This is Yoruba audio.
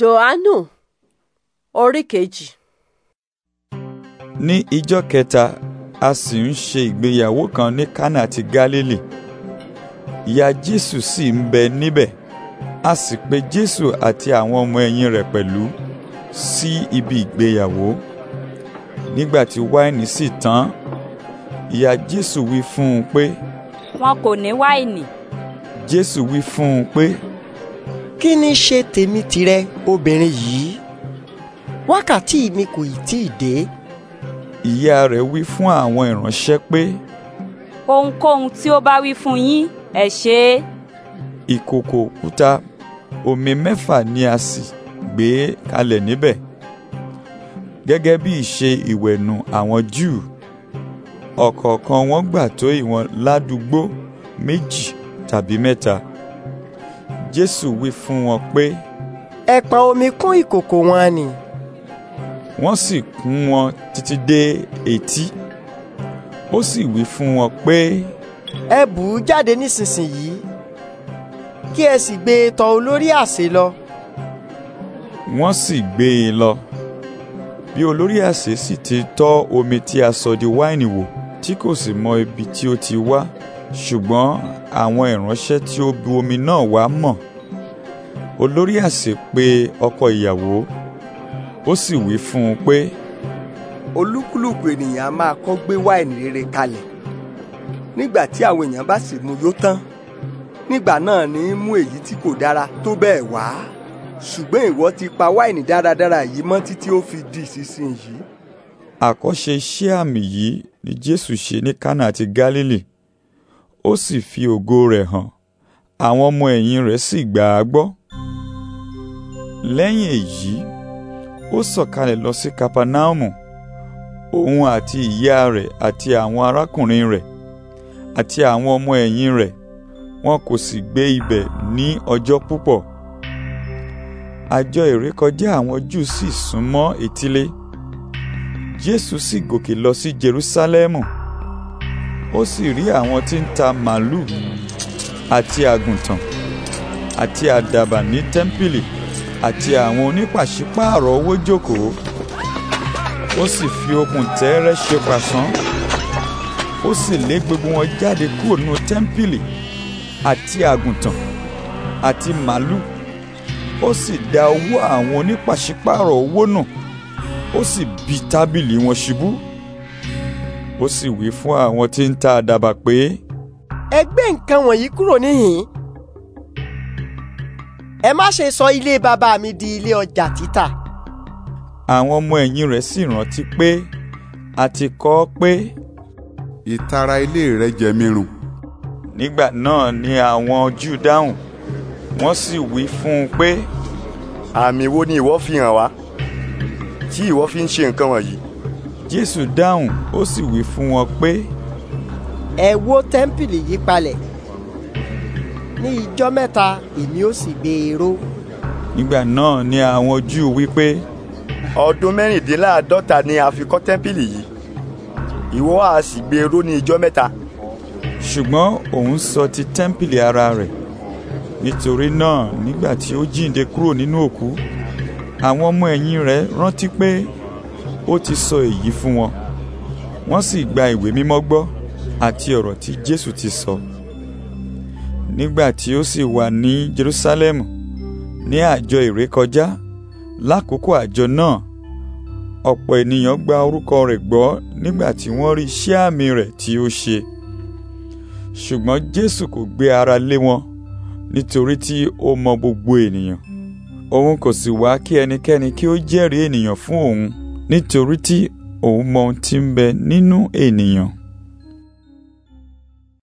Jòhánù orí kejì. Ní ijọ́ kẹta a sì ń ṣe ìgbéyàwó kan ní Kánà ti Gálílì. Ìyá Jésù sì ń bẹ níbẹ̀. A sì pè Jésù àti àwọn ọmọ ẹ̀yìn rẹ̀ pẹ̀lú sí ibi ìgbéyàwó. Nígbà tí wáìnì sì tán, ìyá Jésù wí fún un pé. Wọn kò ní wáìnì. Jésù wí fún un pé kí ni ṣe tèmi tìrẹ obìnrin yìí wákàtí mi kò ì tí ì dé. ìyá rẹ̀ wí fún àwọn ìránṣẹ́ pé. ohunkóhun tí ó bá wí fún yín ẹ ṣe é. ìkòkò òkúta omi mẹ́fà ni a sì gbé kalẹ̀ níbẹ̀ gẹ́gẹ́ bí ìṣe ìwẹ̀nù àwọn Júù ọ̀kọ̀ọ̀kan wọn gbà tó ìwọ̀n ládùúgbò méjì tàbí mẹ́ta jésù wí fún wọn pé. ẹ pa omi kún ìkòkò wọn nì. wọ́n sì kún wọn títí dé etí ó sì wí fún wọn pé. ẹ bù ú jáde nísinsìnyí kí ẹ sì gbé e tọ̀ olórí àsè lọ. wọ́n sì gbé e lọ bí olórí àsè sì ti tọ́ omi tí a sọ di wáìnì wò tí kò sì mọ ibi tí ó ti wá ṣùgbọ́n àwọn ìránṣẹ́ tí ó bu omi náà wá mọ̀ olórí àsè pe ọkọ ìyàwó ó sì wí fún un pé. olúkúlùkù ènìyàn a máa kọ́ gbé wáìnì rere kalẹ̀ nígbà tí àwọn èèyàn bá sì mu yó tán nígbà náà ní í mú èyí tí kò dára tó bẹ́ẹ̀ wá ṣùgbọ́n ìwọ ti pa wáìnì dáradára yìí mọ́ títí ó fi di ìsinsìnyí. àkọ́ṣe iṣẹ́ àmì yìí ni jésù ṣe ní kánà àti gálílì ó sì fi ògo rẹ̀ hàn àwọn ọmọ ẹ̀yìn rẹ̀ sì gbà á gbọ́. lẹ́yìn èyí ó sọ̀kalẹ̀ lọ sí kapanaomu òun àti ìyá rẹ̀ àti àwọn arákùnrin rẹ̀ àti àwọn ọmọ ẹ̀yìn rẹ̀ wọn kò sì gbé ibẹ̀ ní ọjọ́ púpọ̀ àjọ ìrékọjá àwọn Júù sì súnmọ́ etílé Jésù sì gòkè lọ sí Jerúsálẹ́mù ó sì rí àwọn tí ń ta màlúù àti àgùntàn àti àdàbà ní tẹ́ḿpìlì àti àwọn onípàṣípààrọ̀ owó jókòó ó sì fi okùn tẹ́ẹ́rẹ́ ṣe pàṣán ó sì lé gbogbo wọn jáde kúrò nínú tẹ́ḿpìlì àti àgùntàn àti màlúù ó sì da owó àwọn onípàṣípààrọ̀ owó nù ó sì bì tábìlì wọn ṣubú ó sì wí fún àwọn tí ń ta àdàbà pé. ẹ nǹkan wọ̀nyí kúrò níhìn-ín ẹ má ṣe sọ ilé bàbá mi di ilé ọjà títà. àwọn ọmọ ẹ̀yìn rẹ̀ sì rántí pé a ti kọ́ ọ pé. ìtara ilé rẹ jẹ mí run. nígbà náà ni àwọn Júù dáhùn wọ́n sì wí fún un pé. àmì wo ni ìwọ fi hàn wá tí ìwọ fi ń ṣe nǹkan wọ̀nyí jésù dáhùn ó sì wí fún wọn pé. ẹ wó tẹ́ḿpìlì yìí palẹ̀ ní ijọ́ mẹ́ta èmi ó sì gbé e ró. nígbà náà ni àwọn júù wí pé. ọdún mẹ́rìndínláàádọ́ta ni a fi kọ́ tẹ́ḿpìlì yìí ìwọ á sì gbé e ró ní ijọ́ mẹ́ta. ṣùgbọ́n òun sọ ti tẹ́ḿpìlì ara rẹ̀ nítorí náà nígbà tí ó jíǹde kúrò nínú òkú àwọn ọmọ ẹ̀yìn rẹ̀ rántí pé ó ti sọ èyí fún wọn wọ́n sì gba ìwé mímọ́ gbọ́ àti ọ̀rọ̀ tí Jésù ti sọ nígbà tí ó sì wà ní Jerúsálẹ́mù ní àjọ ìrékọjá lákòókò àjọ náà ọ̀pọ̀ ènìyàn gba orúkọ rẹ̀ gbọ́ nígbà tí wọ́n rí iṣẹ́ àmì rẹ̀ tí ó ṣe ṣùgbọ́n Jésù kò gbé ara lé wọn nítorí tí ó mọ gbogbo ènìyàn òun kò sì wá kí ẹnikẹ́ni kí ó jẹ́rìí ènìyàn fún òun nítorí tí òun mọ ohun tí ń bẹ nínú ènìyàn